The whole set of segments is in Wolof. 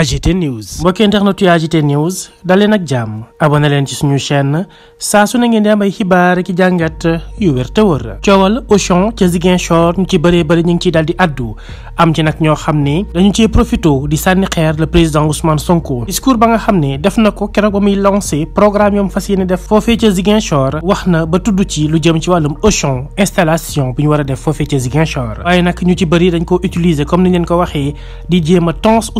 AGT News mbokki internet yu AGT News daleen ak jàmm abonné leen ci suñu chaîne saa su ne ngeen di am ay xibaar ki jàngat yu wér te wër coowal Auchan ca Ziguinchor ñu ci bëree bëri ñu ngi ciy daal di addu am ci nag ñoo xam ne dañu cee profito di sànni xeer le président Ousmane Sonko discours ba nga xam ne def na ko keroog ba muy lancé programme yoom fas yéene def foofee ca Ziguinchor wax na ba tudd ci lu jëm ci wàllum Auchan installation bu ñu war a def foofee ca Ziguinchor waaye nag ñu ci bëri dañ ko utiliser comme ni leen ko waxee di jéem a tons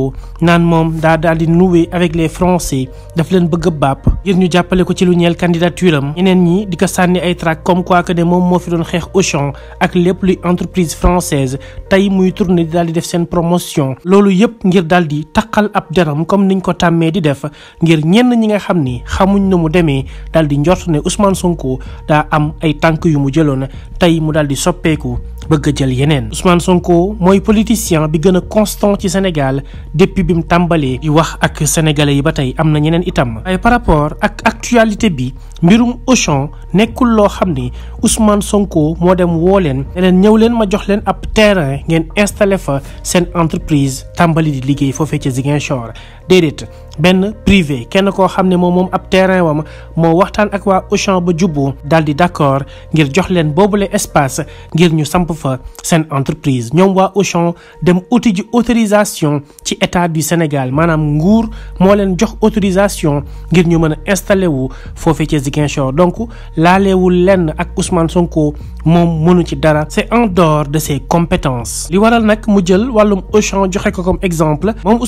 ko naan moom daa daal di noué avec les français daf leen bëgg a bàpp ngir ñu jàppale ko ci lu ñeel candidature am ñeneen ñi di ko sànni ay trac comme quoi que moom moo fi doon xeex Auchan ak lépp luy entreprise française tey muy tourné di daal di def seen promotion loolu yëpp ngir daal di taqal ab deram comme niñ ko tàmmee di def ngir ñenn ñi nga xam ni xamuñ na mu demee daal di njort ne Ousmane Sonko daa am ay tànk yu mu jëloon tey mu daal di soppeeku bëgg jël yeneen Ousmane Sonko mooy politicien bi gën a constant ci Sénégal depuis bi mu tàmbalee di wax ak sénégalais yi ba tey am na ñeneen itam. ay par rapport ak actualité bi mbirum Auchan nekkul loo xam ni Ousmane Sonko moo dem woo leen ne ñëw leen ma jox leen ab terrain ngeen installé fa seen entreprise tàmbali di liggéey foofee ca Ziguinchor déedéet. benn privé kenn koo xam ne moo moom ab terrain wam moo waxtaan ak waa Auchan ba jubbo daal di d'accord ngir jox leen boobule espace ngir ñu samp fa seen entreprise ñoom waa Auchan dem uti ji autorisation ci état du Sénégal maanaam nguur moo leen jox autorisation ngir ñu mën a installé wu foofee ca Ziguinchor donc laaleewul lenn ak Ousmane Sonko moom mënu ci dara c'est en dor de ses compétence li waral nag mu jël wàllum Auchan joxe ko comme exemple moom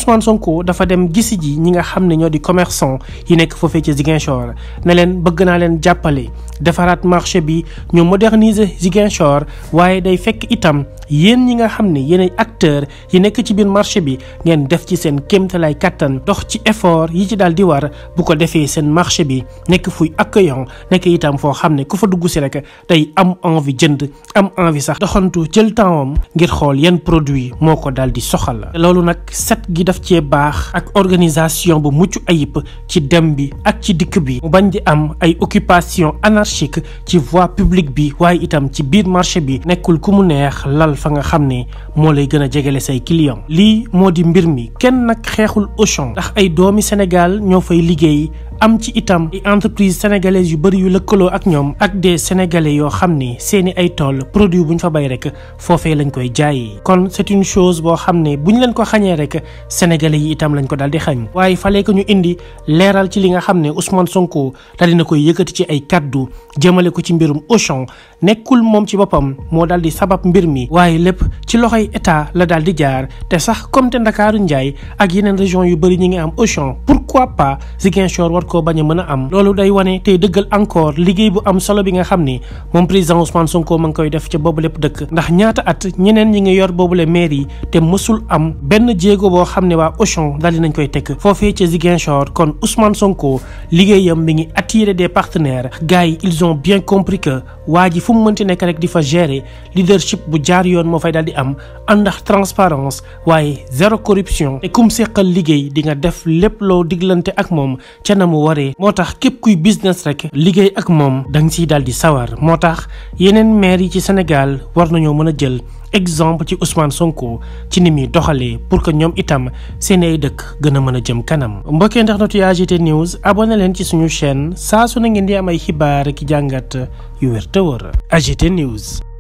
xam ne ñoo di commerçant yi nekk foofee ci Ziguinchor ne leen bëgg naa leen jàppale defaraat marché bi ñu moderniser Ziguinchor waaye day fekk itam yéen ñi nga xam ne yeneen acteur acteurs yi nekk ci biir marché bi ngeen def ci seen kéemtalaay kàttan dox ci effort yi ci daal di war bu ko defee seen marché bi nekk fuy accueillant nekk itam foo xam ne ku fa dugg si rek day am envie jënd am envi sax doxantu jël temps ngir xool yen produit moo ko daal di soxal. loolu nag set gi def cee baax ak organisation bu mucc ayib ci dem bi ak ci dikk bi mu bañ anarchique ci voie publique bi waaye itam ci biir marché bi nekkul ku mu neex lal fa nga xam ne moo lay gën a jegele say client lii moo di mbir mi kenn nag xeexul Auchan ndax ay doomi Sénégal ñoo fay liggéey am ci itam i entreprise sénégalaise yu bëri yu lëkkaloo ak ñoom ak des sénégalais yoo xam ne seeni ay tool produit bu ñu fa bay rek foofee lañ koy jaayi kon c'est une chose boo xam ne bu ñu leen ko xañee rek sénégalais yi itam lañ ko daal di xañ waaye fale ko ñu indi leeral ci li nga xam ne Ousmane Sonko daal na koy yëkkati ci ay kaddu jëmale ko ci mbirum Auchan nekkul moom ci boppam moo daal di sabab mbir mi waaye lépp ci loxoy état la daal di jaar te sax comme te Njaay ak yeneen région yu bëri ñi ngi am Auchan pourquoi pas koo bañ a mën a am loolu day wane tey dëggal encore liggéey bu am solo bi nga xam ni moom président Ousmane Sonko ma ngi koy def ca boobu lépp dëkk ndax ñaata at ñeneen ñi ngi yor boobule maire yi te mësul am benn jéego boo xam ne waa Auchan daal di nañ koy tekk foofee ca Ziguinchor kon Ousmane Sonko liggéeyam mi ngi attirer des partenaire gars yi ils ont bien compris que waa ji fu mu mënti nekk rek di fa gérer leadership bu jaar yoon moo fay daal di am andax transparence waaye zéro corruption te kum di nga def mu waree moo tax képp kuy business rek liggéey ak moom da nga siy daal di sawar moo tax yeneen maire yi ci Sénégal war nañoo mën a jël exemple ci Ousmane Sonko ci ni muy doxalee pour que ñoom itam seen ay dëkk gën a mën a jëm kanam mbokkee ndax notu AGT News abonné leen ci suñu chaîne saa su na ngeen di am ay xibaar ki jàngat yu wér te wër AGT News